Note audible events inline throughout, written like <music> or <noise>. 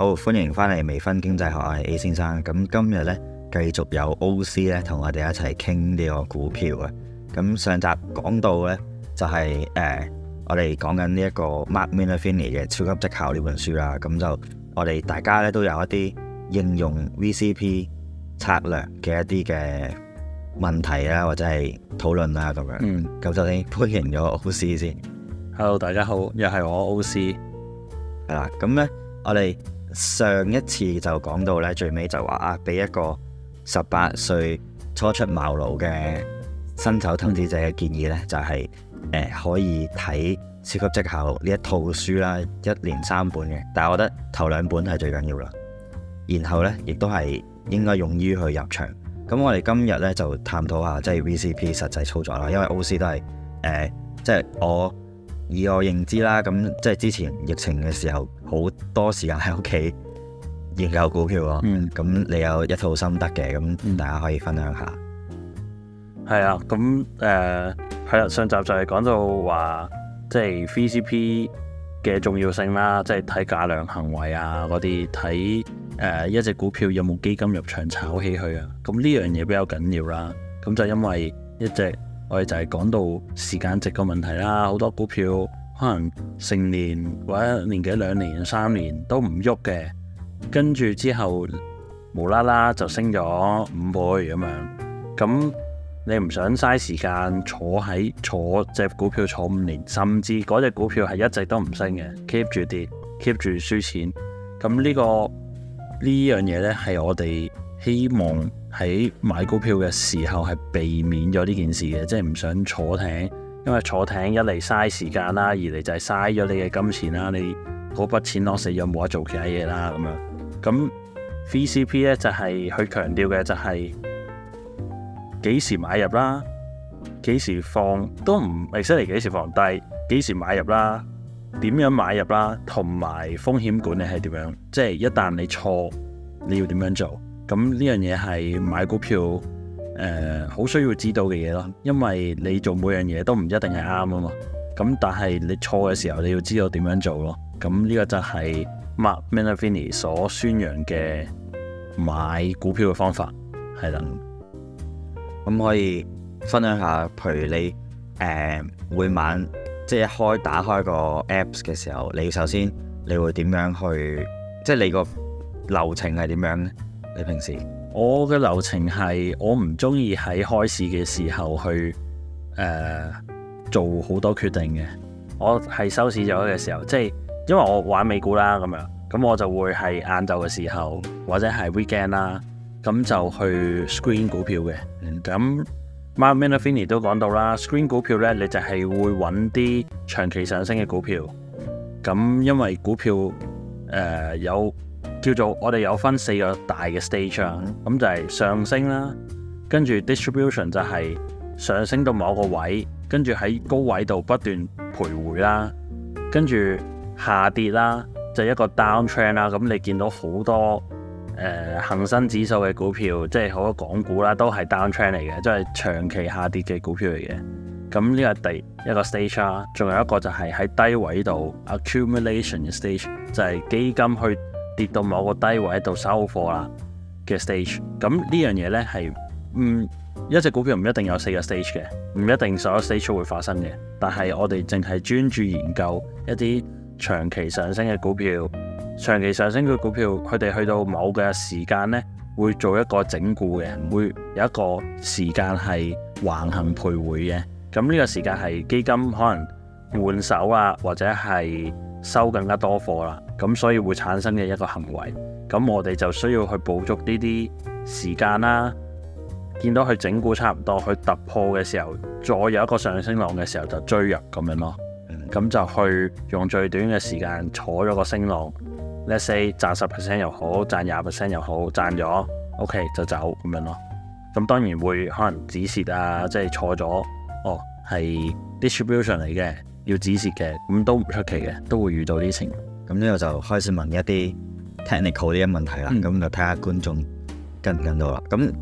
好，oh, 歡迎翻嚟《微醺經濟學》啊，A 先生。咁今日咧，繼續有 O C 咧同我哋一齊傾呢個股票啊。咁上集講到咧、就是，就係誒，我哋講緊呢一個《Mark Minervini》嘅《超級績效》呢本書啦。咁就我哋大家咧都有一啲應用 VCP 策略嘅一啲嘅問題啊，或者係討論啊咁樣。嗯。咁首先歡迎咗 O C 先。Hello，大家好，又係我 O C。係啦，咁咧我哋。上一次就講到咧，最尾就話啊，俾一個十八歲初出茅廬嘅新手投資者嘅建議咧，就係誒可以睇超級績效呢一套書啦，一連三本嘅，但係我覺得頭兩本係最緊要啦。然後咧，亦都係應該用於去入場。咁我哋今日咧就探討下即係 VCP 實際操作啦，因為 OC 都係誒即係我。以我認知啦，咁即係之前疫情嘅時候，好多時間喺屋企研究股票啊。咁、嗯、你有一套心得嘅，咁大家可以分享下。係、嗯嗯、啊，咁誒係啊，上集就係講到話，即係 VCP 嘅重要性啦，即係睇價量行為啊，嗰啲睇誒一隻股票有冇基金入場炒起佢啊。咁呢樣嘢比較緊要啦。咁就因為一隻。我哋就係講到時間值嘅問題啦，好多股票可能成年或者年幾兩年三年都唔喐嘅，跟住之後無啦啦就升咗五倍咁樣。咁你唔想嘥時間坐喺坐隻股票坐五年，甚至嗰隻股票係一直都唔升嘅，keep 住跌，keep 住輸錢。咁呢個呢樣嘢呢，係我哋希望。喺買股票嘅時候係避免咗呢件事嘅，即係唔想坐艇，因為坐艇一嚟嘥時間啦，二嚟就係嘥咗你嘅金錢啦，你嗰筆錢攞死咗冇得做其他嘢啦咁樣。咁 VCP 咧就係佢強調嘅就係幾時買入啦，幾時放都唔係出嚟幾時放，低，但係幾時買入啦，點樣買入啦，同埋風險管理係點樣，即係一旦你錯，你要點樣做？咁呢樣嘢係買股票誒、好、呃、需要知道嘅嘢咯，因為你做每樣嘢都唔一定係啱啊嘛。咁但係你錯嘅時候，你要知道點樣做咯。咁呢個就係 Mark Minervini 所宣揚嘅買股票嘅方法係啦。咁、嗯、可以分享下，譬如你誒、呃，每晚即係開打開個 Apps 嘅時候，你首先你會點樣去，即係你個流程係點樣咧？你平時，我嘅流程係我唔中意喺開市嘅時候去誒、呃、做好多決定嘅，我係收市咗嘅時候，即係因為我玩美股啦咁樣，咁我就會係晏晝嘅時候或者係 weekend 啦，咁就去 screen 股票嘅。咁、嗯、Mark Minervini 都講到啦，screen 股票呢，你就係會揾啲長期上升嘅股票，咁因為股票誒、呃、有。叫做我哋有分四個大嘅 stage 啦，咁就係上升啦，跟住 distribution 就係上升到某個位，跟住喺高位度不斷徘徊啦，跟住下跌啦，就係一個 down trend 啦。咁你見到好多誒恆生指數嘅股票，即係好多港股啦，都係 down trend 嚟嘅，即係長期下跌嘅股票嚟嘅。咁呢個係第一個 stage 啦，仲有一個就係喺低位度 accumulation 嘅 stage，就係基金去。跌到某個低位度收貨啦嘅 stage，咁呢樣嘢呢，係，唔、嗯，一隻股票唔一定有四個 stage 嘅，唔一定所有 stage 會發生嘅。但係我哋淨係專注研究一啲長期上升嘅股票，長期上升嘅股票佢哋去到某個時間呢，會做一個整固嘅，會有一個時間係橫行徘徊嘅。咁呢、呢個時間係基金可能換手啊，或者係，收更加多貨啦，咁所以會產生嘅一個行為，咁我哋就需要去捕捉呢啲時間啦。見到佢整固差唔多，佢突破嘅時候，再有一個上升浪嘅時候就追入咁樣咯。咁就去用最短嘅時間坐咗個升浪。Let’s say 賺十 percent 又好，賺廿 percent 又好，賺咗，OK 就走咁樣咯。咁當然會可能止蝕啊，即係錯咗，哦係 distribution 嚟嘅。要指示嘅，咁都唔出奇嘅，都會遇到呢啲情況。咁呢個就開始問一啲 technical 啲嘅問題啦。咁就睇下觀眾跟唔跟到啦。咁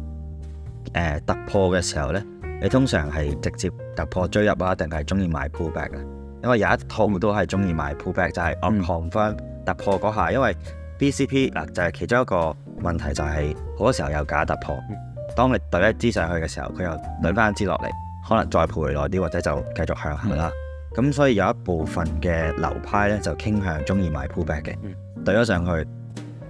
誒突破嘅時候咧，你通常係直接突破追入啊，定係中意買 pullback 啊？因為有一套都係中意買 pullback，就係 up d o 翻突破嗰下。因為 V C P 嗱就係其中一個問題，就係好多時候有假突破。當你遞一支上去嘅時候，佢又攣翻一支落嚟，可能再賠耐啲，或者就繼續向下啦。咁所以有一部分嘅流派咧，就傾向中意買 pullback 嘅，嗯、對咗上去，誒、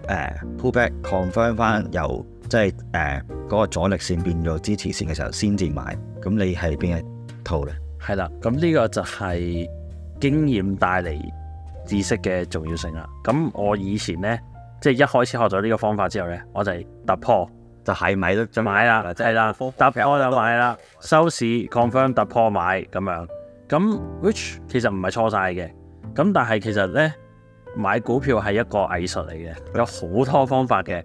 呃、pullback confirm 翻由、嗯、即係誒嗰個阻力線變咗支持線嘅時候先至買。咁你係邊一套咧？係啦，咁呢個就係經驗帶嚟知識嘅重要性啦。咁我以前咧，即、就、係、係、一開始學咗呢個方法之後咧，我就係突破就係買都就買啦，即係啦，突破我就買啦，收市 confirm 突破買咁樣。咁 which 其實唔係錯晒嘅，咁但係其實咧買股票係一個藝術嚟嘅，有好多方法嘅。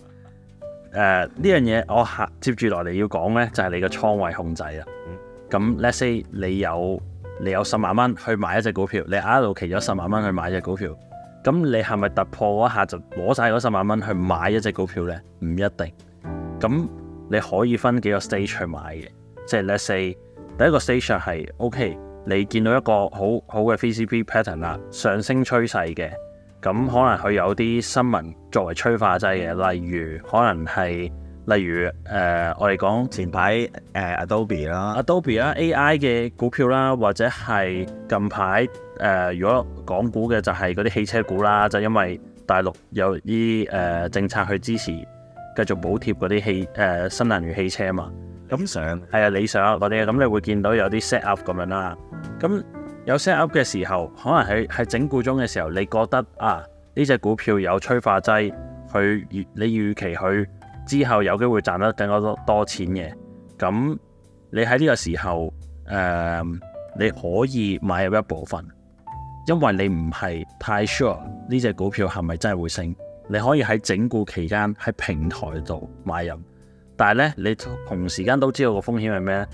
誒、uh, 呢樣嘢我下接住落嚟要講咧，就係、是、你嘅倉位控制啦。咁 let's say 你有你有十萬蚊去買一隻股票，你一路期咗十萬蚊去買一隻股票，咁你係咪突破嗰一下就攞晒嗰十萬蚊去買一隻股票咧？唔一定。咁你可以分幾個 stage 去買嘅，即係 let's say 第一個 stage 係 OK。你見到一個好好嘅 VCP pattern 啦，上升趨勢嘅，咁可能佢有啲新聞作為催化劑嘅，例如可能係，例如誒、呃，我哋講前排誒、uh, Adobe 啦，Adobe 啦 AI 嘅股票啦，或者係近排誒、呃，如果港股嘅就係嗰啲汽車股啦，就是、因為大陸有啲誒、呃、政策去支持，繼續補貼嗰啲汽誒、呃、新能源汽車嘛。咁上係啊理想嗰啲，咁你會見到有啲 set up 咁樣啦。咁有 set up 嘅時候，可能喺係整固中嘅時候，你覺得啊呢隻股票有催化劑，佢你預期佢之後有機會賺得更加多多錢嘅。咁你喺呢個時候，誒、呃、你可以買入一部分，因為你唔係太 sure 呢隻股票係咪真係會升，你可以喺整固期間喺平台度買入。但係咧，你同時間都知道個風險係咩咧？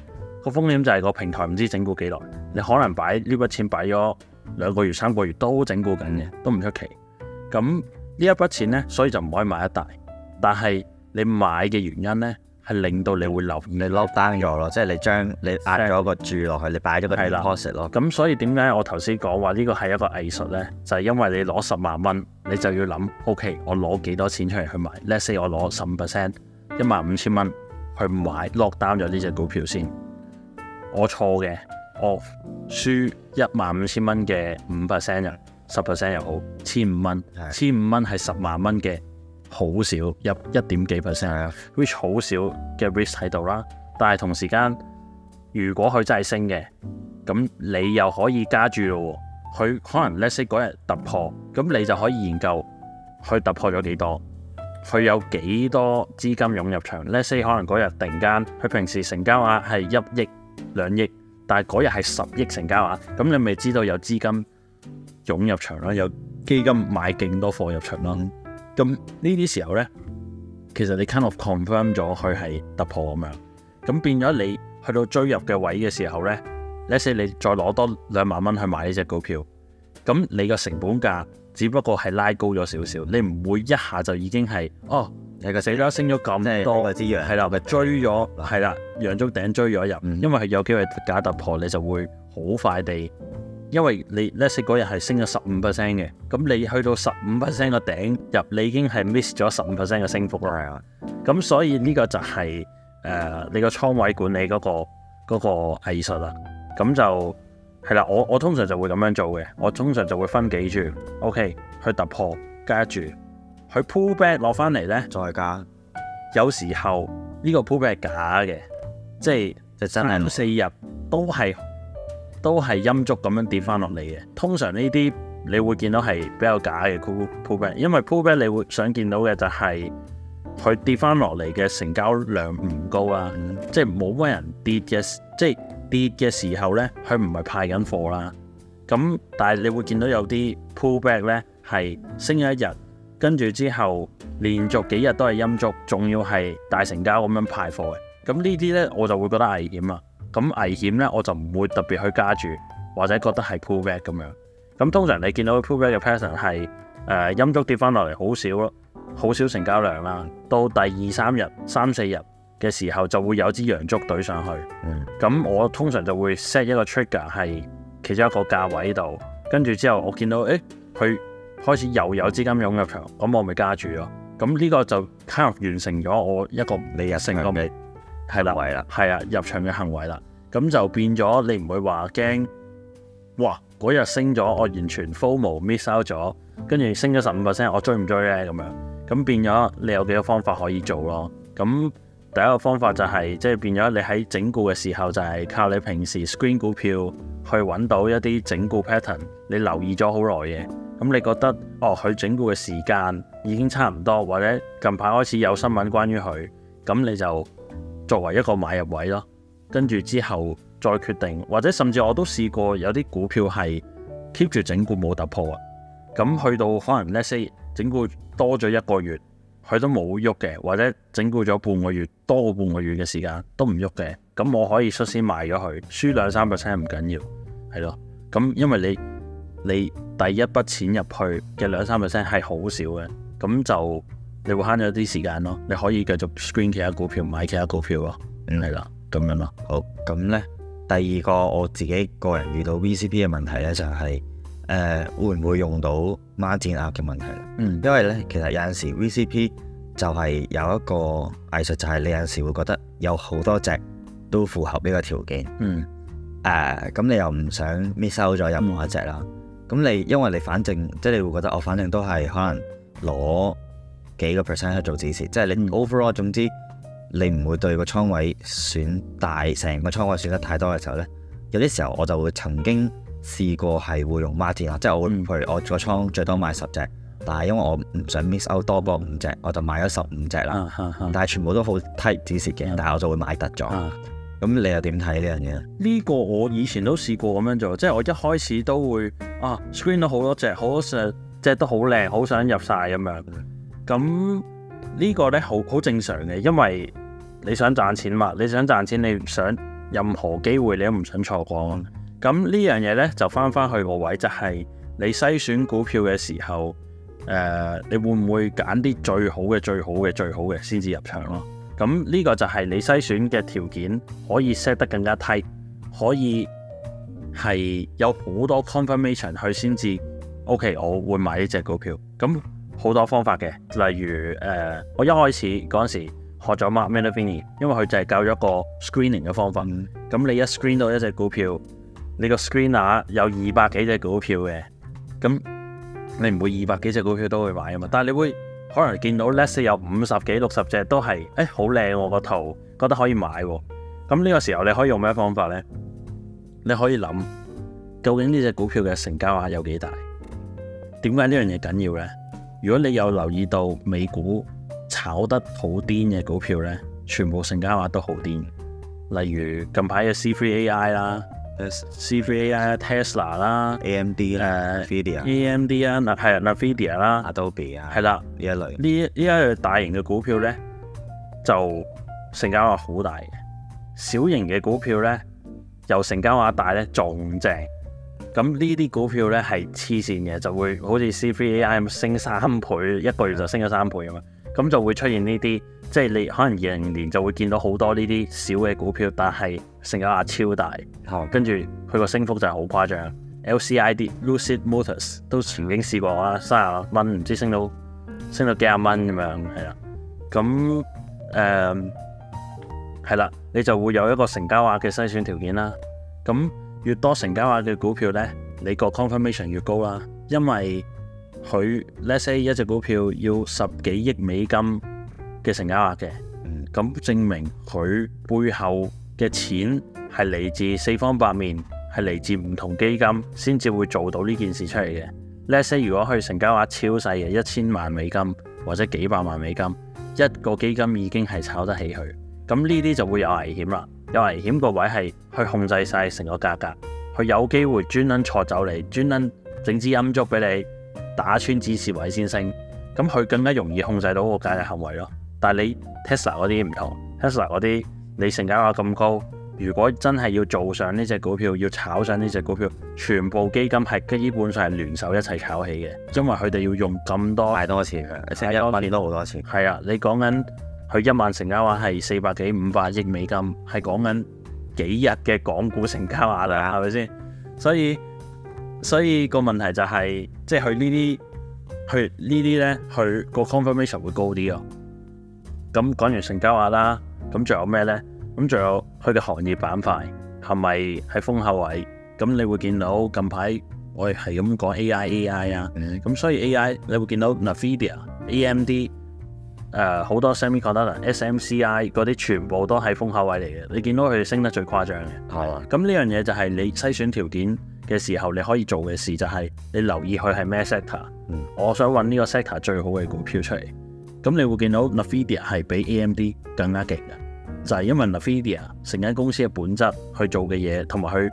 個風險就係個平台唔知整固幾耐，你可能擺呢筆錢擺咗兩個月、三個月都整固緊嘅，都唔出奇。咁、嗯、呢一筆錢咧，所以就唔可以買得大。但係你買嘅原因咧，係令到你會留，你 lock down 咗咯，即係你將你押咗個注落去，你擺咗個 position 咯的。咁、嗯、所以點解我頭先講話呢個係一個藝術咧？就係、是、因為你攞十萬蚊，你就要諗，OK，我攞幾多錢出嚟去買？Let's say 我攞十五 percent。一萬五千蚊去買落單咗呢隻股票先，我錯嘅，我、oh，輸一萬五千蚊嘅五 percent 又十 percent 又好千五蚊，千五蚊係十萬蚊嘅好少入一點幾 percent which 好少嘅 risk 喺度啦。但係同時間，如果佢真係升嘅，咁你又可以加住咯。佢可能 last day 嗰日突破，咁你就可以研究佢突破咗幾多。佢有幾多資金湧入場？Let's say 可能嗰日突然間，佢平時成交額係一億兩億，但係嗰日係十億成交額，咁你咪知道有資金湧入場啦，有基金買勁多貨入場啦。咁呢啲時候呢，其實你 kind of confirm 咗佢係突破咁樣，咁變咗你去到追入嘅位嘅時候呢，Let's say, 你再攞多兩萬蚊去買呢隻股票，咁你個成本價，只不過係拉高咗少少，嗯、你唔會一下就已經係哦，其實死咗升咗咁多嘅資源，係啦，其實追咗係啦，揚足頂追咗入，因為係有機會假突破，你就會好快地，因為你 last 日係升咗十五 percent 嘅，咁你去到十五 percent 個頂入，你已經係 miss 咗十五 percent 嘅升幅啦，係啊，咁所以呢個就係、是、誒、呃、你個倉位管理嗰、嗰個嗰、嗰個藝術啊，咁就。係啦，我我通常就會咁樣做嘅，我通常就會分幾注，OK，去突破加住。佢 pull back 落翻嚟咧，再加。有時候呢個 pull back 係假嘅，即係就真係四日都係都係陰燭咁樣跌翻落嚟嘅。通常呢啲你會見到係比較假嘅 pull back，因為 pull back 你會想見到嘅就係、是、佢跌翻落嚟嘅成交量唔高啊，嗯、即係冇乜人跌嘅，即係。跌嘅時候呢，佢唔係派緊貨啦。咁但係你會見到有啲 pullback 呢，係升咗一日，跟住之後連續幾日都係陰燭，仲要係大成交咁樣派貨嘅。咁呢啲呢，我就會覺得危險喇。咁危險呢，我就唔會特別去加住，或者覺得係 pullback 咁樣。咁通常你見到 pullback 嘅 pattern 係誒陰燭跌翻落嚟，好少咯，好少成交量啦。到第二三日、三,三四日。嘅時候就會有支陽燭隊上去，咁、嗯、我通常就會 set 一個 trigger 係其中一個價位度，跟住之後我見到誒佢、欸、開始又有，有資金湧入場，咁我咪加住咯。咁呢個就 kind of 完成咗我一個你日升嘅行為係啦，係啦，係啊立，入場嘅行為啦，咁就變咗你唔會話驚哇嗰日升咗，我完全 FOMO miss out 咗，跟住升咗十五 percent，我追唔追咧？咁樣咁變咗你有幾多個方法可以做咯？咁第一個方法就係、是，即係變咗你喺整固嘅時候，就係靠你平時 screen 股票去揾到一啲整固 pattern，你留意咗好耐嘅，咁你覺得哦佢整固嘅時間已經差唔多，或者近排開始有新聞關於佢，咁你就作為一個買入位咯，跟住之後再決定，或者甚至我都試過有啲股票係 keep 住整固冇突破啊，咁去到可能 let's say 整固多咗一個月。佢都冇喐嘅，或者整固咗半個月多個半個月嘅時間都唔喐嘅，咁我可以率先賣咗佢，輸兩三 percent 唔緊要，係咯，咁因為你你第一筆錢入去嘅兩三 percent 係好少嘅，咁就你會慳咗啲時間咯，你可以繼續 screen 其他股票買其他股票咯，嗯，係啦，咁樣咯，好，咁呢，第二個我自己個人遇到 VCP 嘅問題呢就係。誒、呃、會唔會用到孖展 account 嘅問題？嗯，因為咧其實有陣時 VCP 就係有一個藝術，就係你有陣時會覺得有好多隻都符合呢個條件。嗯，誒咁、呃、你又唔想 miss out 咗任何一隻啦？咁、嗯、你因為你反正即係、就是、你會覺得我反正都係可能攞幾個 percent 去做止蝕。即、就、係、是、你 overall 總之你唔會對個倉位蝕大，成個倉位蝕得太多嘅時候咧，有啲時候我就會曾經試過係會用 martin 啊，即係我會，譬如我個倉最多買十隻，但係因為我唔想 miss out 多過五隻，我就買咗十五隻啦。啊啊、但係全部都好 type 指示嘅。啊、但係我就會買得咗。咁、啊、你又點睇呢樣嘢？呢個我以前都試過咁樣做，即係我一開始都會啊 screen 咗好多隻，好多隻都好靚，好想入晒咁樣。咁呢個咧好好正常嘅，因為你想賺錢嘛，你想賺錢，你想任何機會你都唔想錯過。咁呢樣嘢呢，就翻翻去個位，就係、是、你篩選股票嘅時候，誒、呃，你會唔會揀啲最好嘅、最好嘅、最好嘅先至入場咯？咁呢個就係你篩選嘅條件可以 set 得更加低，可以係有好多 confirmation 去先至，OK，我會買呢隻股票。咁好多方法嘅，例如誒、呃，我一開始嗰陣時學咗 Mark Minervini，因為佢就係教咗個 screening 嘅方法。咁你一 screen 到一隻股票。你個 screener 有二百幾隻股票嘅，咁你唔會二百幾隻股票都會買啊嘛？但係你會可能見到 list 有五十幾、六十隻都係，誒好靚喎個圖，覺得可以買喎。咁呢個時候你可以用咩方法呢？你可以諗究竟呢隻股票嘅成交額有幾大？點解呢樣嘢緊要呢？如果你有留意到美股炒得好癲嘅股票呢，全部成交額都好癲，例如近排嘅 C3 AI 啦。C V A I、Tesla 啦、A M D 啦 Nvidia、A M D 啦，係啊，Nvidia 啦、Adobe 啊，係啦，呢一類呢呢一類大型嘅股票咧，就成交額好大嘅，小型嘅股票咧由成交額大咧，仲正，咁呢啲股票咧係黐線嘅，就會好似 C V A I 升三倍，嗯、一個月就升咗三倍咁樣，咁就會出現呢啲。即係你可能二零年就會見到好多呢啲小嘅股票，但係成交額超大，跟住佢個升幅就係好誇張。L C I D Lucid Motors 都曾經試過啊，卅蚊唔知升到升到幾廿蚊咁樣，係啦。咁誒係啦，你就會有一個成交額嘅篩選條件啦。咁越多成交額嘅股票呢，你個 confirmation 越高啦，因為佢 let's say 一隻股票要十幾億美金嘅成交額嘅，咁、嗯、證明佢背後嘅錢係嚟自四方八面，係嚟自唔同基金先至會做到呢件事出嚟嘅。Let say, 如果佢成交額超細嘅，一千萬美金或者幾百萬美金，一個基金已經係炒得起佢，咁呢啲就會有危險啦。有危險個位係去控制晒成個價格,格，佢有機會專登坐走嚟，專登整支陰燭俾你打穿支持位先升，咁佢更加容易控制到個價嘅行為咯。但係你 Tesla 嗰啲唔同，Tesla 嗰啲你成交額咁高，如果真係要做上呢隻股票，要炒上呢隻股票，全部基金係基本上係聯手一齊炒起嘅，因為佢哋要用咁多太多錢嘅，佢成日一晚年都好多錢？係啊，你講緊佢一晚成交額係四百幾五百億美金，係講緊幾日嘅港股成交額啊，係咪先？所以所以個問題就係、是，即係佢呢啲佢呢啲咧，佢個 confirmation 會高啲咯。咁講完成交額啦，咁仲有咩呢？咁仲有佢嘅行業板塊係咪喺風口位？咁你會見到近排我係咁講 AI，AI 啊、mm，咁、hmm. 所以 AI 你會見到 Nvidia AMD，誒、呃、好多 semiconductor SMCI 嗰啲全部都喺風口位嚟嘅。你見到佢升得最誇張嘅。係啊、mm，咁、hmm. 呢樣嘢就係你篩選條件嘅時候你可以做嘅事，就係你留意佢係咩 sector，我想揾呢個 sector 最好嘅股票出嚟。咁你會見到 Nvidia 係比 AMD 更加勁嘅，就係、是、因為 Nvidia 成間公司嘅本質去做嘅嘢，同埋佢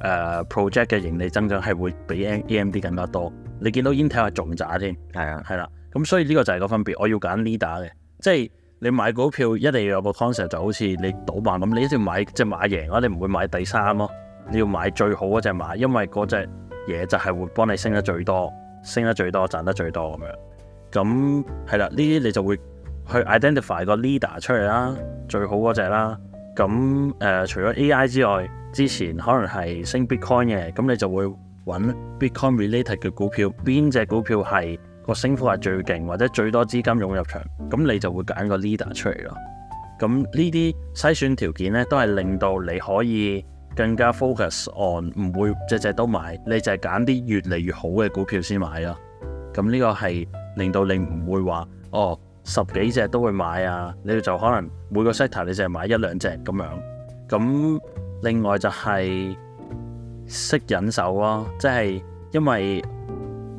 誒 project 嘅盈利增長係會比 AMD 更加多。你見到 Intel 係重渣添，係啊，係啦。咁所以呢個就係個分別。我要揀 leader 嘅，即、就、係、是、你買股票一定要有個 concept，就好似你賭馬咁，你一定要買隻馬贏咯，你唔會買第三咯。你要買最好嗰隻馬，因為嗰隻嘢就係會幫你升得最多，升得最多賺得最多咁樣。咁係啦，呢啲你就會去 identify 個 leader 出嚟啦，最好嗰隻啦。咁誒、呃，除咗 AI 之外，之前可能係升 Bitcoin 嘅，咁你就會揾 Bitcoin related 嘅股票，邊隻股票係個升幅係最勁，或者最多資金湧入場，咁你就會揀個 leader 出嚟咯。咁呢啲篩選條件咧，都係令到你可以更加 focus on 唔會隻隻都買，你就係揀啲越嚟越好嘅股票先買咯。咁呢個係。令到你唔會話哦，十幾隻都會買啊！你就可能每個 sector 你凈係買一兩隻咁樣。咁另外就係識忍手咯，即係因為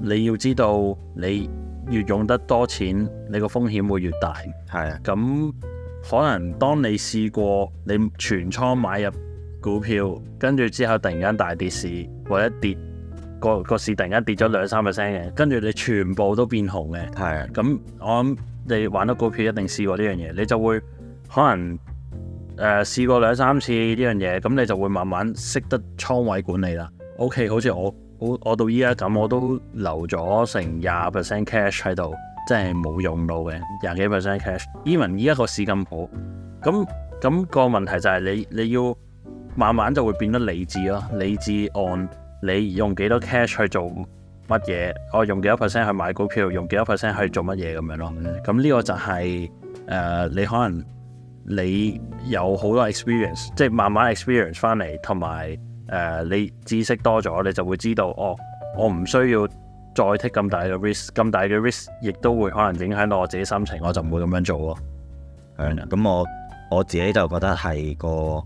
你要知道你越用得多錢，你個風險會越大。係啊，咁可能當你試過你全倉買入股票，跟住之後突然間大跌市或者跌。個個市突然間跌咗兩三 percent 嘅，跟住你全部都變紅嘅。係的。咁、嗯、我諗你玩多股票一定試過呢樣嘢，你就會可能誒試、呃、過兩三次呢樣嘢，咁你就會慢慢識得倉位管理啦。OK，好似我我，我到依家咁，我都留咗成廿 percent cash 喺度，即係冇用到嘅廿幾 percent cash。Even 依家個市咁好，咁咁個問題就係你你要慢慢就會變得理智咯，理智按。你用幾多 cash 去做乜嘢？我、哦、用幾多 percent 去買股票，用幾多 percent 去做乜嘢咁樣咯？咁、嗯、呢個就係、是、誒、呃，你可能你有好多 experience，即係慢慢 experience 翻嚟，同埋誒你知識多咗，你就會知道，哦，我唔需要再 take 咁大嘅 risk，咁大嘅 risk 亦都會可能影響到我自己心情，我就唔會咁樣做咯、哦。係、嗯、咁我我自己就覺得係個誒。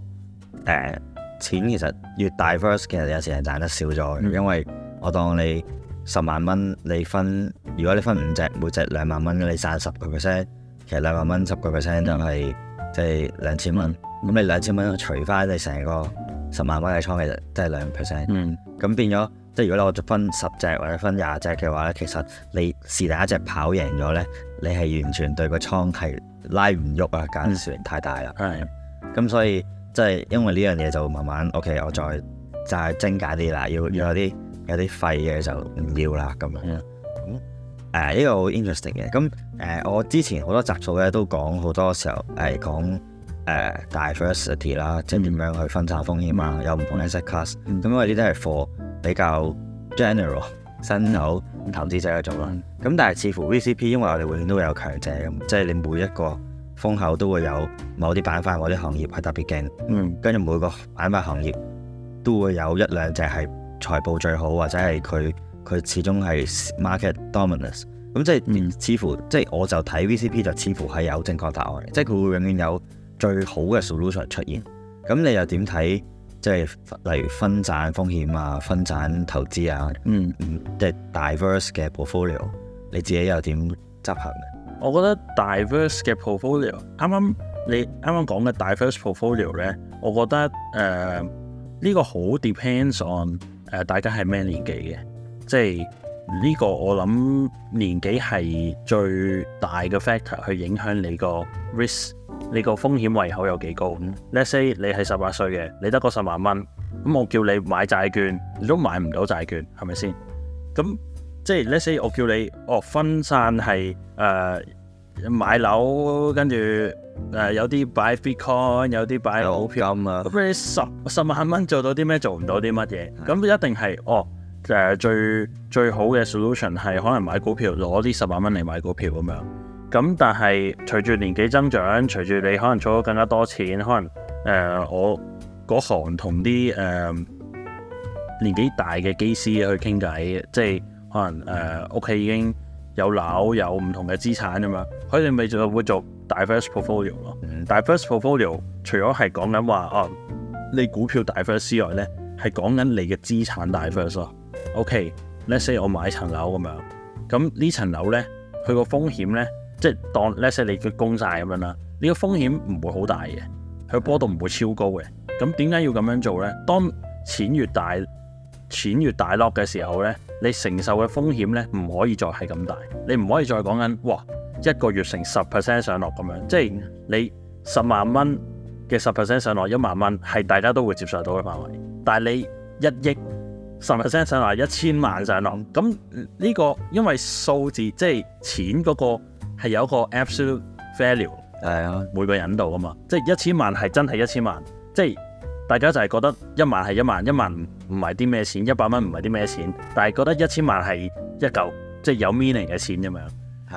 呃錢其實越 diverse，其實有時係賺得少咗、嗯、因為我當你十萬蚊你分，如果你分五隻，每隻兩萬蚊，你賺十個 percent，其實兩萬蚊十個 percent 就係即係兩千蚊。咁、嗯、你兩千蚊除翻你成個十萬蚊嘅倉，其實即係兩 percent。嗯。咁變咗，即係如果你我分十隻或者分廿隻嘅話咧，其實你是但一隻跑贏咗咧，你係完全對個倉係拉唔喐啊，減少太大啦。係、嗯。咁、嗯、所以。即係因為呢樣嘢就慢慢，OK，我再再精簡啲啦，要要有啲有啲廢嘅就唔要啦咁樣。咁誒呢個好 interesting 嘅，咁誒、uh, 我之前好多集數咧都講好多時候誒講誒 diversity 啦，即係點樣去分散風險啊，嗯、有唔同 asset class、嗯、s 咁因為呢啲係 for 比較 general 新手投資者去做啦。咁、嗯、但係似乎 VCP 因為我哋永遠都有強者咁，即係你每一個。風口都會有某啲板塊、某啲行業係特別勁，跟住、嗯、每個板塊、行業都會有一兩隻係財報最好或者係佢佢始終係 market dominance 咁即、就、係、是嗯、似乎即係、就是、我就睇 VCP 就似乎係有正確答案、嗯、即係佢會永遠有最好嘅 solution 出現。咁你又點睇即係例如分散風險啊、分散投資啊？嗯嗯，即係 diverse 嘅 portfolio，你自己又點執行？我覺得 diverse 嘅 portfolio，啱啱你啱啱講嘅 diverse portfolio 咧，我覺得誒呢、呃這個好 depends on 誒、呃、大家係咩年紀嘅，即係呢、這個我諗年紀係最大嘅 factor 去影響你個 risk，你個風險胃口有幾高。Let’s say 你係十八歲嘅，你得嗰十萬蚊，咁我叫你買債券，你都買唔到債券，係咪先？咁即係，let’s say 我叫你，哦分散係誒、呃、買樓，跟住誒有啲擺 bitcoin 有啲擺股票啊。咁你十十萬蚊做到啲咩？做唔到啲乜嘢？咁的一定係哦誒、呃、最最好嘅 solution 係可能買股票，攞啲十萬蚊嚟買股票咁樣。咁但係隨住年紀增長，隨住你可能儲到更加多錢，可能誒、呃、我嗰行同啲誒年紀大嘅機師去傾偈，即係。可能誒屋企已經有樓有唔同嘅資產咁樣，佢哋咪就會做 diverse portfolio 咯。嗯，diverse portfolio 除咗係講緊話哦，你股票 diverse 之外咧，係講緊你嘅資產 diverse 咯。OK，let's say 我買層樓咁樣，咁呢層樓咧，佢個風險咧，即係當 let's say 你嘅供晒咁樣啦，呢個風險唔會好大嘅，佢波動唔會超高嘅。咁點解要咁樣做咧？當錢越大。錢越大落嘅時候咧，你承受嘅風險咧唔可以再係咁大，你唔可以再講緊哇一個月成十 percent 上落咁樣，即係你十萬蚊嘅十 percent 上落一萬蚊係大家都會接受到嘅範圍，但係你一億十 percent 上落一千萬上落，咁呢個因為數字即係錢嗰個係有個 absolute value 係啊，每個人度啊嘛，即係一千萬係真係一千萬。即係。大家就係覺得一萬係一萬，一萬唔係啲咩錢，一百蚊唔係啲咩錢，但係覺得一千萬係一嚿即係有 meaning 嘅錢咁樣。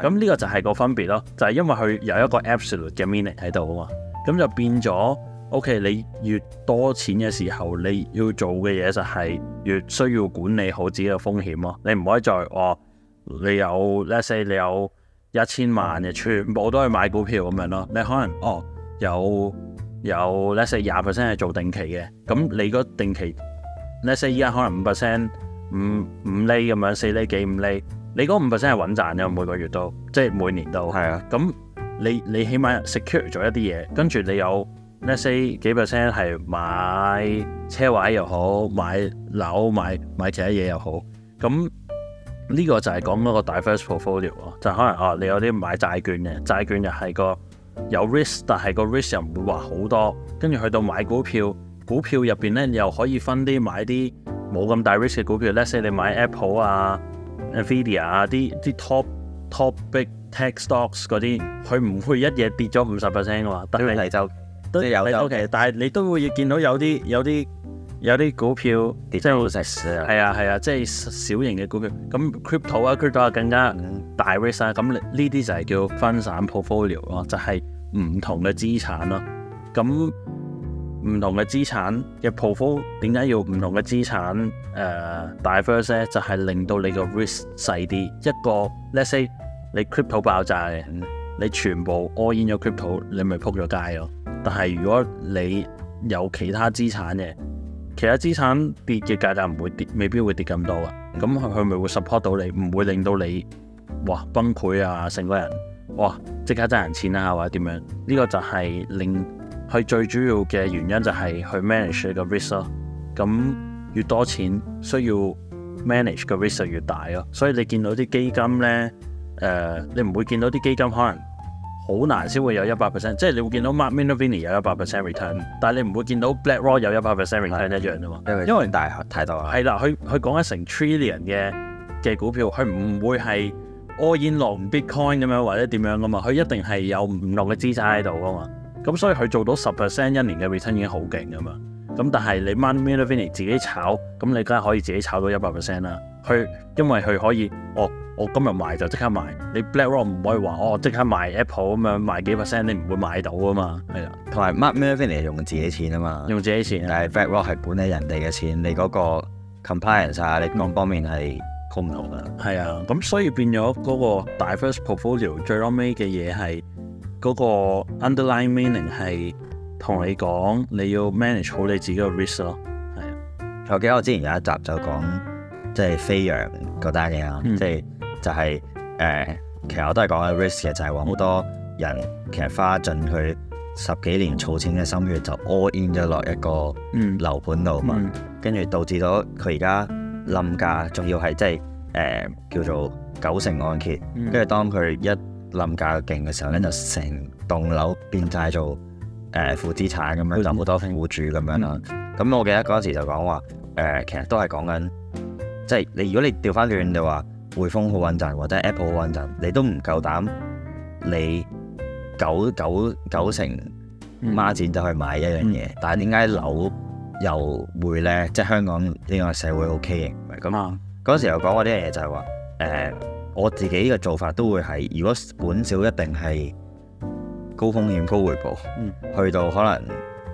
咁呢是個就係個分別咯，就係、是、因為佢有一個 absolute 嘅 meaning 喺度啊嘛。咁就變咗，OK，你越多錢嘅時候，你要做嘅嘢就係越需要管理好自己嘅風險咯。你唔可以再哦，你有 let's say 你有一千萬嘅，全部都係買股票咁樣咯。你可能哦有。有 let say 嘅廿 percent 係做定期嘅，咁你嗰定期 let say 依家可能五 percent、五五厘咁樣、四厘幾、五厘、五厘，你嗰五 percent 係穩賺嘅，每個月都，即係每年都。係啊，咁你你起碼 secure 咗一啲嘢，跟住你有 let say 嘅幾 percent 係買車位又好，買樓買買其他嘢又好，咁呢個就係講嗰個 diverse portfolio 咯，就可能哦、啊，你有啲買債券嘅，債券又係個。有 risk，但係個 risk 又唔會話好多。跟住去到買股票，股票入邊咧又可以分啲買啲冇咁大 risk 嘅股票，例如你買 Apple 啊、Nvidia 啊啲啲 top top big tech stocks 嗰啲，佢唔會一嘢跌咗五十 percent 噶等你嚟就都係 ok，但係你都會見到有啲有啲。有啲股票真係好食屎啊！係啊，係啊，即係小型嘅股票，咁 crypto 啊，crypto 啊更加大 risk 啊。咁呢啲就係叫分散 portfolio 咯，啊 port uh，就係唔同嘅資產咯。咁唔同嘅資產嘅 portfolio 點解要唔同嘅資產誒 diverse 咧？就係令到你個 risk 細啲。一個 let’s say 你 crypto 爆炸，你全部 all in 咗 crypto，你咪仆咗街咯。但係如果你有其他資產嘅，其他資產跌嘅價格唔會跌，未必會跌咁多啊。咁佢佢咪會 support 到你，唔會令到你哇崩潰啊，成個人哇即刻爭人錢啊，或者點樣？呢、這個就係令佢最主要嘅原因，就係去 manage 你個 risk 咯。咁越多錢需要 manage 嘅 risk 越大咯，所以你見到啲基金呢，誒、呃、你唔會見到啲基金可能。好難先會有一百 percent，即係你會見到 Mark Minervini 有一百 percent return，但係你唔會見到 Black Rock 有一百 percent return 一樣啫嘛，是因為大太多啦。係啦，佢佢講緊成 trillion 嘅嘅股票，佢唔會係 all in 落 Bitcoin 咁樣或者點樣噶嘛，佢一定係有唔落嘅資產喺度噶嘛，咁所以佢做到十 percent 一年嘅 return 已經好勁噶嘛。咁但係你 Mark Minervini 自己炒，咁你梗係可以自己炒到一百 percent 啦。佢因為佢可以，我、哦、我今日賣就即刻賣。你 Blackrock 唔可以話，哦即刻賣 Apple 咁樣賣幾 percent，你唔會買到啊嘛。係啊，同埋 Mark Minervini 用自己錢啊嘛，用自己錢。但係 Blackrock 係本理人哋嘅錢，你嗰個 compliance 啊，你各方面係好唔同噶。係啊，咁所以變咗嗰個 diverse portfolio 最，最後尾嘅嘢係嗰個 underline meaning 係。同你講，你要 manage 好你自己個 risk 咯，係啊。我記得，我之前有一集就講即係飛揚嗰單嘢啊，即係就係、是、誒、嗯就是呃，其實我都係講嘅 risk 嘅，就係話好多人其實花盡佢十幾年儲錢嘅心血，就 all in 咗落一個樓盤度嘛，跟住、嗯嗯、導致咗佢而家冧價，仲要係即係誒叫做九成按揭，跟住、嗯、當佢一冧價勁嘅時候咧，就成棟樓變曬做，誒負、呃、資產咁樣，好會多戶主咁樣啦。咁、嗯、我記得嗰陣時就講話，誒、呃、其實都係講緊，即係你如果你調翻轉就話，匯豐好穩陣或者 Apple 好穩陣，你都唔夠膽你九九九成孖展就去買一樣嘢。嗯嗯、但係點解樓又會咧？即係香港呢個社會 OK 嘅、嗯，咁啊嗰陣時又講過啲嘢就係話，誒、呃、我自己嘅做法都會係，如果本少一定係。高風險高回報，嗯、去到可能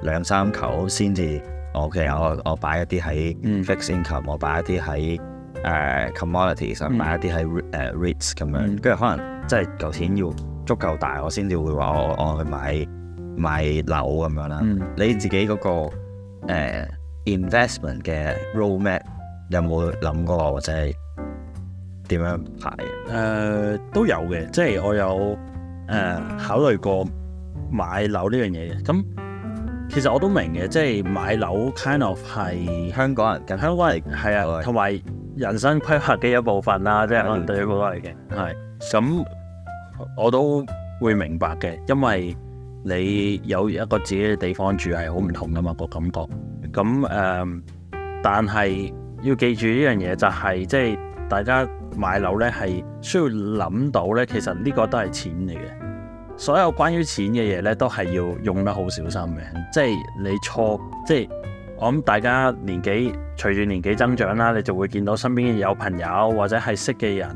兩三球先至 OK，我我擺一啲喺 fixed income、嗯、我擺一啲喺誒 commodities，甚至擺一啲喺誒 rates 咁樣，跟住可能即係嚿錢要足夠大，我先至會話我我去買買樓咁樣啦。嗯、你自己嗰、那個誒、uh, investment 嘅 roadmap 咩？有冇諗過或者係點樣排？誒、呃、都有嘅，即係我有。誒、uh, 考慮過買樓呢樣嘢嘅，咁其實我都明嘅，即係買樓 kind of 係香港人嘅，香港人嚟嘅，係啊，同埋對人生規劃嘅一部分啦、啊，即係另一部分嚟、啊、嘅，係。咁、so, 我，我都會明白嘅，因為你有一個自己嘅地方住係好唔同㗎嘛、那個感覺。咁誒，uh, 但係要記住呢樣嘢就係、是、即係。大家買樓呢係需要諗到呢，其實呢個都係錢嚟嘅，所有關於錢嘅嘢呢，都係要用得好小心嘅。即係你錯，即係我諗大家年紀隨住年紀增長啦，你就會見到身邊有朋友或者係識嘅人，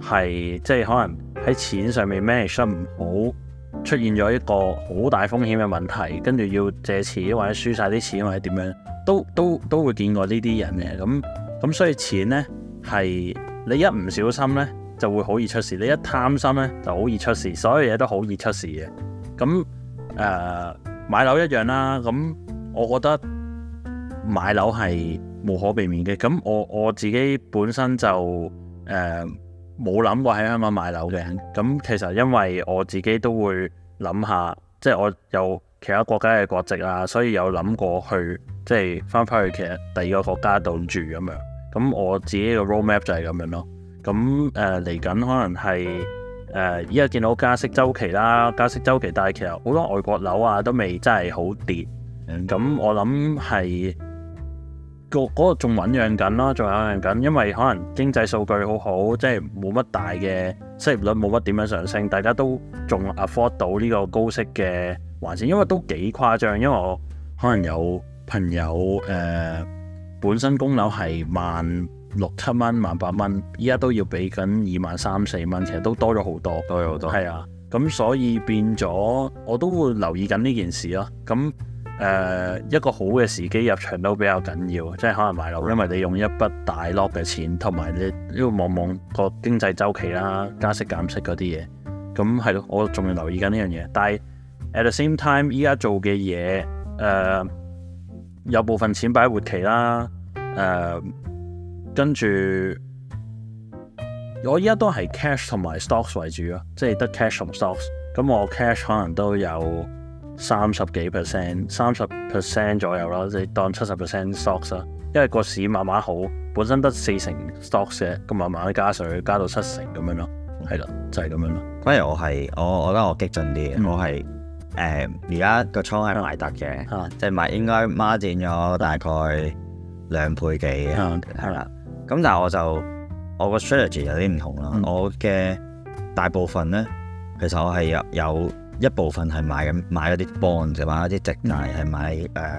係即係可能喺錢上面 manage 得唔好，出現咗一個好大風險嘅問題，跟住要借錢或者輸晒啲錢或者點樣，都都都會見過呢啲人嘅。咁咁所以錢呢。係你一唔小心呢就會好易出事；你一貪心呢就好易出事。所有嘢都好易出事嘅。咁誒、呃，買樓一樣啦。咁我覺得買樓係無可避免嘅。咁我我自己本身就誒冇諗過喺香港買樓嘅。咁其實因為我自己都會諗下，即係我有其他國家嘅國籍啊，所以有諗過去，即係翻返去其實第二個國家度住咁樣。咁我自己嘅 roadmap 就係咁樣咯。咁誒嚟緊可能係誒依家見到加息周期啦，加息周期，但係其實好多外國樓啊都未真係好跌。咁、mm hmm. 我諗係、嗰個嗰、嗰個仲醞釀緊啦，仲醞釀緊，因為可能經濟數據好好，即係冇乜大嘅失業率率冇乜點樣上升，大家都仲 afford 到呢個高息嘅還錢，因為都幾誇張。因為我可能有朋友誒。呃本身供樓係萬六七蚊、萬八蚊，依家都要俾緊二萬三四蚊，其實都多咗好多。多咗好多。係啊，咁所以變咗我都會留意緊呢件事咯、啊。咁誒、呃、一個好嘅時機入場都比較緊要，即係可能買樓，因為你用一筆大 lock 嘅錢，同埋你望望個經濟週期啦、加息減息嗰啲嘢。咁係咯，我仲要留意緊呢樣嘢。但係 at the same time，依家做嘅嘢誒。呃有部分錢擺活期啦，誒、呃，跟住我依家都係 cash 同埋 stocks 為主咯，即係得 cash 同 stocks。咁我 cash 可能都有三十幾 percent，三十 percent 左右啦，即係當七十 percent stocks 啦。因為個市慢慢好，本身得四成 stocks 嘅，咁慢慢加上去，加到七成咁樣咯。係啦，就係、係、咁樣咯。反而我係我，我覺得我，我激進啲，嗯、我係。誒而家個倉係賣得嘅，即係賣應該孖展咗大概兩倍幾嘅，係啦、嗯。咁、嗯嗯、但係我就我個 strategy 有啲唔同啦。我嘅、嗯、大部分咧，其實我係有有一部分係買緊買一啲 bond 就買一啲債，係、嗯、買誒、呃、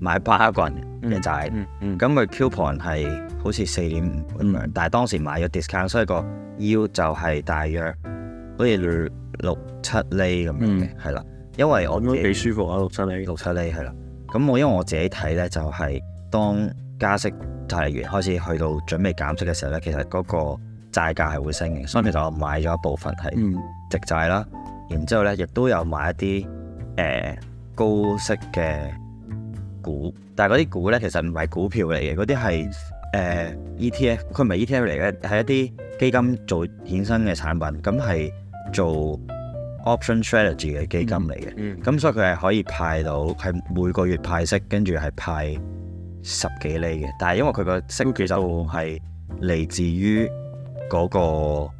買八個人嘅債。咁佢 coupon 係好似四點五咁樣，嗯、但係當時買咗 discount，所以個 yield 就係大約好似六七厘咁樣嘅係啦，因為我都得幾舒服啊。六七厘，六七厘係啦。咁我因為我自己睇咧，就係、是、當加息就提完開始去到準備減息嘅時候咧，其實嗰個債價係會升嘅，所以其實我買咗一部分係直債啦，嗯、然之後咧亦都有買一啲誒、呃、高息嘅股，但係嗰啲股咧其實唔係股票嚟嘅，嗰啲係誒 E T F，佢唔係 E T F 嚟嘅，係一啲基金做衍生嘅產品，咁係。做 option strategy 嘅基金嚟嘅，咁、嗯嗯嗯、所以佢係可以派到，係每個月派息，跟住係派十幾厘嘅。但係因為佢個息其實係嚟自於嗰個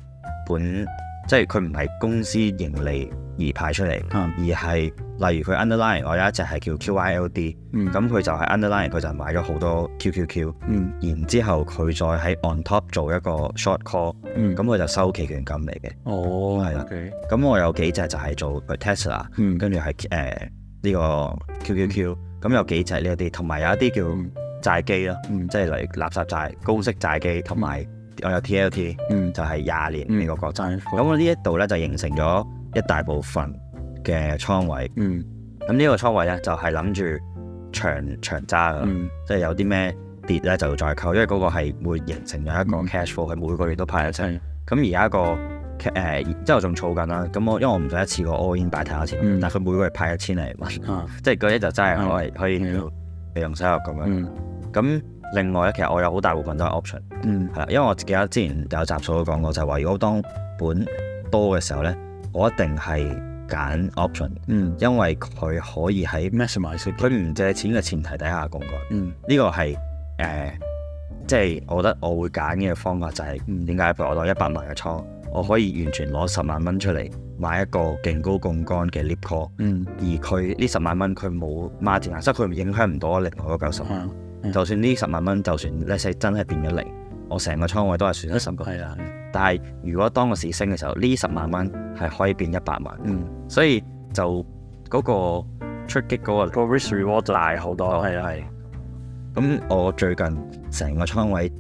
本，即係佢唔係公司盈利。而派出嚟，而係例如佢 underline，我有一隻係叫 QYLD 咁佢就係 underline，佢就買咗好多 QQQ，然之後佢再喺 on top 做一個 short call，咁佢就收期權金嚟嘅。哦，係啦。咁我有幾隻就係做 Tesla 跟住係誒呢個 QQQ，咁有幾隻呢啲，同埋有一啲叫債基啦，即係例如垃圾債、高息債基，同埋我有 TLT，就係廿年呢個國債。咁我呢一度咧就形成咗。一大部分嘅倉位，咁呢、嗯、個倉位咧就係諗住長長揸嘅，嗯、即係有啲咩跌咧就要再溝，因為嗰個係會形成咗一個 cash flow，佢、嗯、每個月都派一千。咁、嗯、而家個誒之後仲儲緊啦，咁、呃、我因為我唔想一次過 all in 擺太多錢，嗯、但係佢每個月派一千嚟蚊，啊、即係嗰啲就真係可以、嗯、可以利用收入咁樣。咁、嗯嗯、另外咧，其實我有好大部分都係 option，係啦、嗯，因為我記得之前有集數都講過，就係、是、話如果當本多嘅時候咧。我一定係揀 option，、嗯、因為佢可以喺佢唔借錢嘅前提底下槓桿。呢、嗯、個係誒、呃，即係我覺得我會揀嘅方法就係點解？譬、嗯、如我當一百萬嘅倉，我可以完全攞十萬蚊出嚟買一個勁高槓桿嘅 lip call，而佢呢十萬蚊佢冇 margin 即係佢影響唔到我另外嗰九十萬，、嗯嗯就萬。就算呢十萬蚊，就算 l a 真係變咗零，我成個倉位都係損失十個。但係，如果當個市升嘅時候，呢十萬蚊係可以變一百萬。嗯，所以就嗰、那個出擊嗰、那個 risk reward 大好多。係、嗯、啊係。咁、啊、我最近成個倉位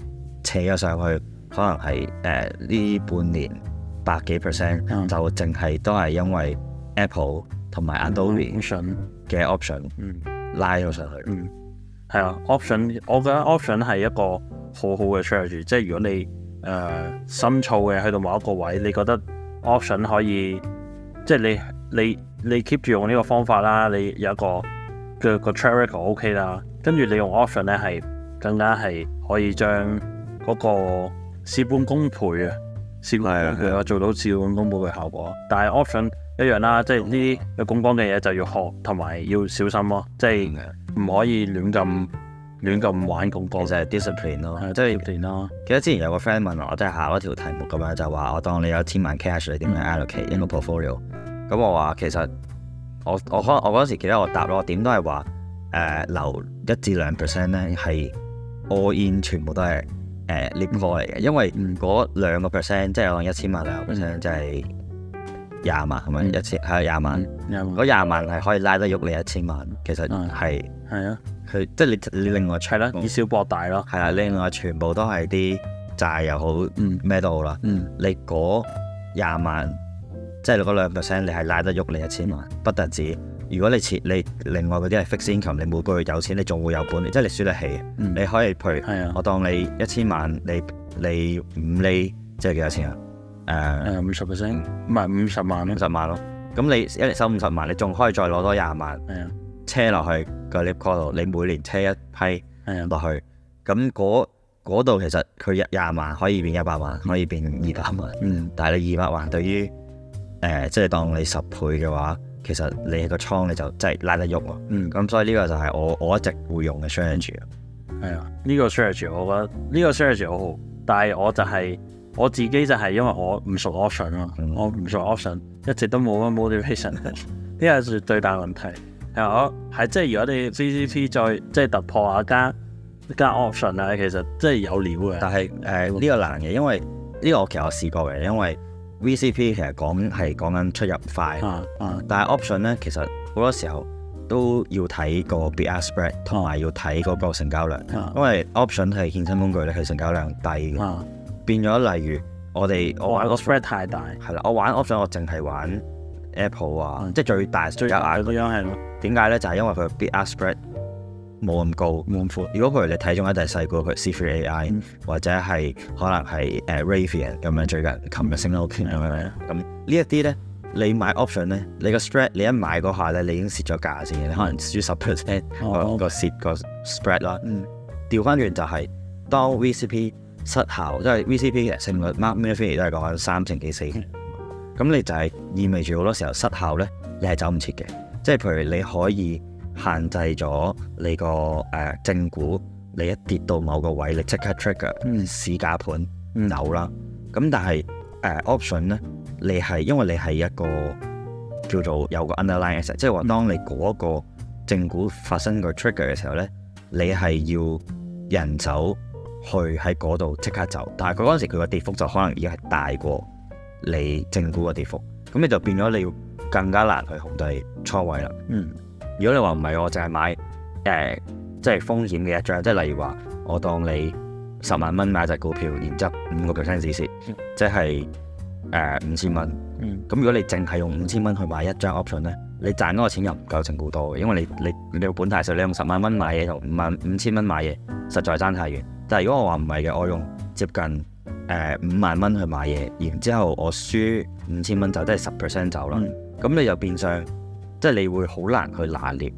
扯咗上去，可能係誒呢半年百幾 percent、嗯、就淨係都係因為 Apple 同埋 Adobe 嘅、嗯、option、嗯、拉咗上去。嗯，係、嗯、啊，option 我覺得 option 係一個好好嘅 charge，即係如果你。誒深造嘅去到某一個位，你覺得 option 可以，即係你你你 keep 住用呢個方法啦，你有一個嘅個 track record OK 啦，跟住你用 option 咧係更加係可以將嗰個事半功倍啊，事半功倍啊做到事半功倍嘅效果。的但係 option 一樣啦，即係呢啲有公講嘅嘢就要學同埋要小心咯、啊，即係唔可以亂咁。亂咁玩咁多就係 discipline 咯，即係練咯。記得之前有個 friend 問我，即係下咗條題目咁樣，就話我當你有一千萬 cash，你點樣 allocate 一個 portfolio？咁我話其實我我可能我嗰時記得我答咯，點都係話誒留一至兩 percent 咧，係 all in 全部都係誒 lift call 嚟嘅。因為如果兩個 percent，即係可能一千萬兩 percent，即係廿萬係咪？一千係廿萬。廿萬，嗰廿萬係可以拉得喐你一千萬。其實係係啊。佢即係你，你另外 check 啦，以小博大咯。係啊的，你另外全部都係啲債又好，咩、嗯、都好啦。嗯、你嗰廿萬，即係你嗰兩 percent，你係拉得喐，你一千萬。嗯、不得止。如果你設，你另外嗰啲係 fixed income，你每個月有錢，你仲會有本，即係你輸得起。嗯、你可以譬如，的我當你一千萬，你你五厘即係幾多錢啊？誒五十 percent，唔係五十萬咯。五十萬咯。咁你一收五十萬，你仲可以再攞多廿萬。的車落去個 lift 度，你每年車一批落去，咁嗰度其實佢廿萬可以變一百萬，可以變二百萬。Mm. 嗯，但係你二百萬對於誒，即、呃、係、就是、當你十倍嘅話，其實你個倉你就真係拉得喐咯。嗯，咁所以呢個就係我我一直會用嘅 strategy。係啊，呢個 strategy 我覺得呢、呢個 strategy 好好，但係我就係、係、我自己就係因為我唔熟 option 啊，mm. 我唔熟 option，一直都冇乜 motivation。呢個最最大問題。係我係即係，如果你 VCP 再即係突破下間間 option 啊，其實即係有料嘅。但係誒呢個難嘅，因為呢個我其實我試過嘅，因為 VCP 其實講係講緊出入快，但係 option 咧，其實好多時候都要睇個 bid ask spread，同埋要睇嗰個成交量，因為 option 係衍生工具咧，係成交量低嘅。變咗例如我哋我玩個 spread 太大係啦，我玩 option 我淨係玩 Apple 啊，即係最大最硬嗰樣係咯。點解咧？就係、是、因為佢 bid ask spread 冇咁高，冇咁闊。如果譬如你睇中一隻細股，佢 C Three A I 或者係可能係誒 Raytheon 咁咧，最近琴日升得 OK 咁樣。咁、嗯、呢一啲咧，你買 option 咧，你個 spread 你一買嗰下咧，你已經蝕咗價先嘅，你可能輸十 percent、哦嗯嗰個蝕、嗰個 spread 啦、哦。調翻轉就係、是、當 V C P 失效，即係 V C P 嘅勝率 Mark Minervini 都係講三成幾四，咁你就係意味住好多時候失效咧，你係走唔切嘅。即係，譬如你可以限制咗你個誒正股，你一跌到某個位，你即刻 trigger、嗯、市價盤、嗯、扭啦。咁但係誒、uh, option 咧，你係因為你係一個叫做有個 underlying 嘅，即係話當你嗰個正股發生個 trigger 嘅時候咧，你係要人手去喺嗰度即刻走。但係佢嗰陣時佢個跌幅就可能已經係大過你正股嘅跌幅，咁、嗯、你就變咗你要更加難去控制。倉位啦，嗯，如果你話唔係我淨係買誒、呃，即係風險嘅一張，即係例如話我當你十萬蚊買隻股票，然之後五個 percent 止蝕，即係誒五千蚊，咁、嗯、如果你淨係用五千蚊去買一張 option 咧，嗯、你賺嗰個錢又唔夠成股多嘅，因為你你你本太細，你用十萬蚊買嘢同五萬五千蚊買嘢，實在爭太遠。但係如果我話唔係嘅，我用接近誒五、呃、萬蚊去買嘢，然之後我輸五千蚊就即係十 percent 走啦，咁、嗯嗯、你就變相。即係你會好難去拿捏，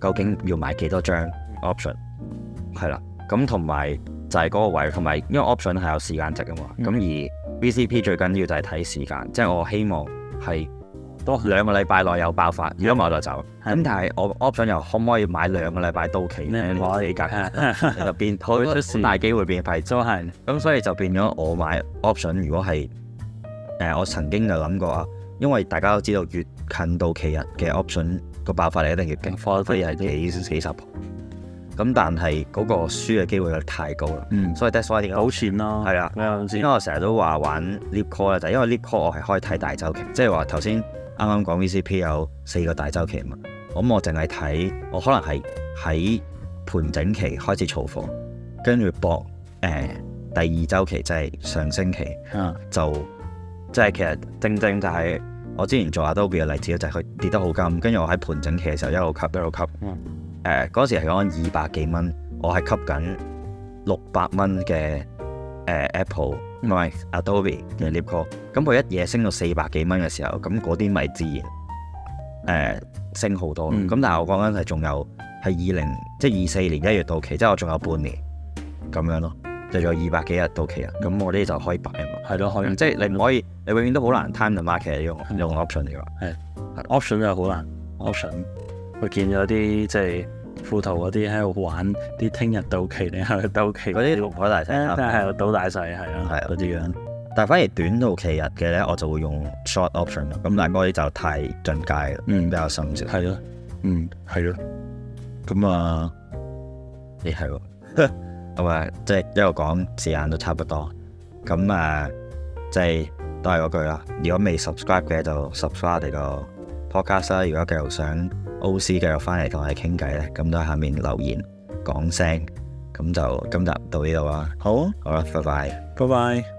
究竟要買幾多張 option 係啦，咁同埋就係嗰個位，同埋因為 option 係有時間值嘅嘛，咁、嗯、而 VCP 最緊要就係睇時間，即係我希望係多兩個禮拜內有爆發，嗯、如果唔係我就走。咁的但係我 option 又可唔可以買兩個禮拜到期咧？唔可以噶，啊、 <laughs> 就變好多市大機會變，排咗係。咁所以就變咗我買 option，如果係誒、呃、我曾經就諗過啊，因為大家都知道越近到期日嘅 option 個爆發力一定要勁，所以係幾幾十。咁但係嗰個輸嘅機會率太高啦。嗯，所以 best way 點解？保錢咯。係啊，咩啊？因為我成日都話玩 lift call 咧，就因為 lift call 我係可以睇大周期，即係話頭先啱啱講 VCP 有四個大周期嘛。咁我淨係睇，我可能係喺盤整期開始造貨，跟住搏。誒第二週期，就係上星期，就即係其實正正就係。我之前做 Adobe 嘅例子咧，就係佢跌得好深。跟住我喺盤整期嘅時候一路吸一路吸。吸嗯。誒、呃，嗰時係講緊二百幾蚊，我係吸緊六百蚊嘅誒 Apple，唔係、嗯、Adobe 嘅 leap call，咁佢一嘢升到四百幾蚊嘅時候，咁嗰啲咪自然誒、呃、升好多。咁、嗯、但係我講緊係仲有係二零，20，即係二四年一月到期，即係我仲有半年咁樣咯。就仲有二百幾日到期啊，咁我哋就可以擺嘛。係咯，可以，即係你唔可以，你永遠都好難 time the market 用用 option 嚟話。係 option 就好難，option 我見咗啲即係副圖嗰啲喺度玩啲聽日到期定係到期嗰啲，碌鬼大細，真係碌到大細，係啊，係啊嗰啲樣。但係反而短到期日嘅咧，我就會用 short option 咯。咁但係嗰啲就太進階啦，嗯，比較深少。係咯，嗯，係咯。咁啊，你係。咁啊，即係一路講時間都差不多，咁、嗯、啊，即係都係嗰句啦。如果未 subscribe 嘅就 subscribe 我哋個 podcast 啦。如果繼續想 OC 繼續翻嚟同我哋傾偈咧，咁都喺下面留言講聲。咁就今日到呢度啦，好、啊、好啦、啊，拜拜，拜拜。